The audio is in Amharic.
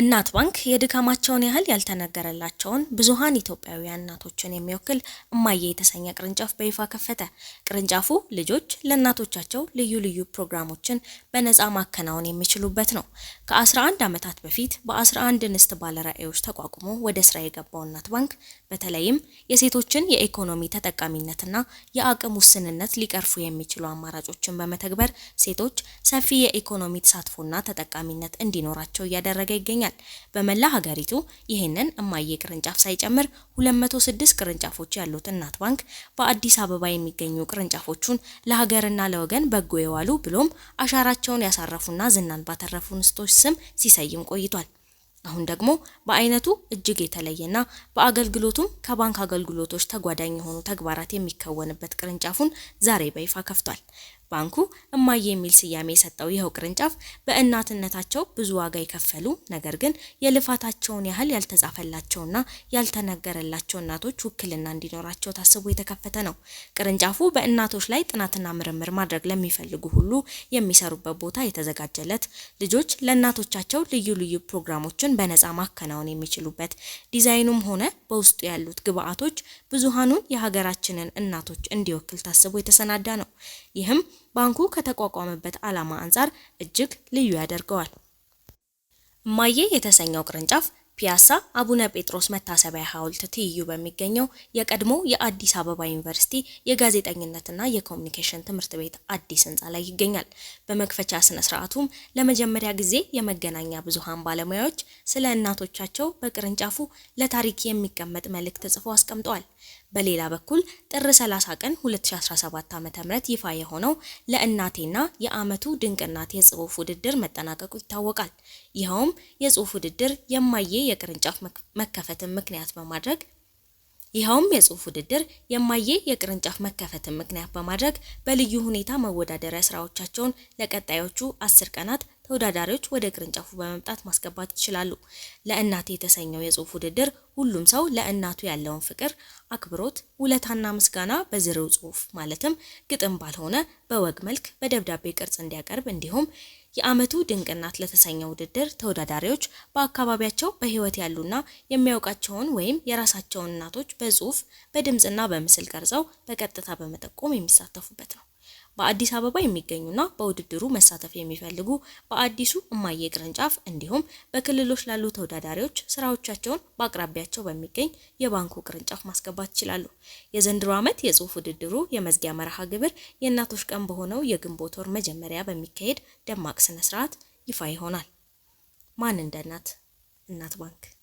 እናት ባንክ የድካማቸውን ያህል ያልተነገረላቸውን ብዙሀን ኢትዮጵያውያን እናቶችን የሚወክል እማዬ የተሰኘ ቅርንጫፍ በይፋ ከፈተ። ቅርንጫፉ ልጆች ለእናቶቻቸው ልዩ ልዩ ፕሮግራሞችን በነፃ ማከናወን የሚችሉበት ነው። ከ11 ዓመታት በፊት በ11 እንስት ባለራዕዮች ተቋቁሞ ወደ ስራ የገባው እናት ባንክ በተለይም የሴቶችን የኢኮኖሚ ተጠቃሚነትና የአቅም ውስንነት ሊቀርፉ የሚችሉ አማራጮችን በመተግበር ሴቶች ሰፊ የኢኮኖሚ ተሳትፎና ተጠቃሚነት እንዲኖራቸው እያደረገ ይገኛል። ይገኛል። በመላ ሀገሪቱ ይህንን እማዬ ቅርንጫፍ ሳይጨምር 206 ቅርንጫፎች ያሉት እናት ባንክ በአዲስ አበባ የሚገኙ ቅርንጫፎቹን ለሀገርና ለወገን በጎ የዋሉ ብሎም አሻራቸውን ያሳረፉና ዝናን ባተረፉ እንስቶች ስም ሲሰይም ቆይቷል። አሁን ደግሞ በአይነቱ እጅግ የተለየና በአገልግሎቱም ከባንክ አገልግሎቶች ተጓዳኝ የሆኑ ተግባራት የሚከወንበት ቅርንጫፉን ዛሬ በይፋ ከፍቷል። ባንኩ እማዬ የሚል ስያሜ የሰጠው ይኸው ቅርንጫፍ በእናትነታቸው ብዙ ዋጋ የከፈሉ ነገር ግን የልፋታቸውን ያህል ያልተጻፈላቸውና ያልተነገረላቸው እናቶች ውክልና እንዲኖራቸው ታስቦ የተከፈተ ነው። ቅርንጫፉ በእናቶች ላይ ጥናትና ምርምር ማድረግ ለሚፈልጉ ሁሉ የሚሰሩበት ቦታ የተዘጋጀለት፣ ልጆች ለእናቶቻቸው ልዩ ልዩ ፕሮግራሞችን በነጻ ማከናወን የሚችሉበት፣ ዲዛይኑም ሆነ በውስጡ ያሉት ግብአቶች ብዙሃኑን የሀገራችንን እናቶች እንዲወክል ታስቦ የተሰናዳ ነው። ይህም ባንኩ ከተቋቋመበት ዓላማ አንጻር እጅግ ልዩ ያደርገዋል። እማዬ የተሰኘው ቅርንጫፍ ፒያሳ አቡነ ጴጥሮስ መታሰቢያ ሐውልት ትይዩ በሚገኘው የቀድሞ የአዲስ አበባ ዩኒቨርሲቲ የጋዜጠኝነትና የኮሚኒኬሽን ትምህርት ቤት አዲስ ህንፃ ላይ ይገኛል። በመክፈቻ ስነ ስርዓቱም ለመጀመሪያ ጊዜ የመገናኛ ብዙሃን ባለሙያዎች ስለ እናቶቻቸው በቅርንጫፉ ለታሪክ የሚቀመጥ መልእክት ጽፎ አስቀምጠዋል። በሌላ በኩል ጥር 30 ቀን 2017 ዓ.ም ይፋ የሆነው ለእናቴና የአመቱ ድንቅ እናት የጽሑፍ ውድድር መጠናቀቁ ይታወቃል። ይኸውም የጽሁፍ ውድድር የማየ የቅርንጫፍ መከፈትን ምክንያት በማድረግ ይኸውም የጽሁፍ ውድድር የማዬ የቅርንጫፍ መከፈትን ምክንያት በማድረግ በልዩ ሁኔታ መወዳደሪያ ስራዎቻቸውን ለቀጣዮቹ አስር ቀናት ተወዳዳሪዎች ወደ ቅርንጫፉ በመምጣት ማስገባት ይችላሉ። ለእናት የተሰኘው የጽሁፍ ውድድር ሁሉም ሰው ለእናቱ ያለውን ፍቅር፣ አክብሮት፣ ውለታና ምስጋና በዝርው ጽሁፍ ማለትም ግጥም ባልሆነ በወግ መልክ በደብዳቤ ቅርጽ እንዲያቀርብ እንዲሁም የዓመቱ ድንቅ እናት ለተሰኘ ውድድር ተወዳዳሪዎች በአካባቢያቸው በሕይወት ያሉና የሚያውቃቸውን ወይም የራሳቸውን እናቶች በጽሁፍ በድምፅና በምስል ቀርጸው በቀጥታ በመጠቆም የሚሳተፉበት ነው። በአዲስ አበባ የሚገኙና በውድድሩ መሳተፍ የሚፈልጉ በአዲሱ እማዬ ቅርንጫፍ እንዲሁም በክልሎች ላሉ ተወዳዳሪዎች ስራዎቻቸውን በአቅራቢያቸው በሚገኝ የባንኩ ቅርንጫፍ ማስገባት ይችላሉ። የዘንድሮ ዓመት የጽሁፍ ውድድሩ የመዝጊያ መርሃ ግብር የእናቶች ቀን በሆነው የግንቦት ወር መጀመሪያ በሚካሄድ ደማቅ ስነስርዓት ይፋ ይሆናል። ማን እንደ እናት እናት ባንክ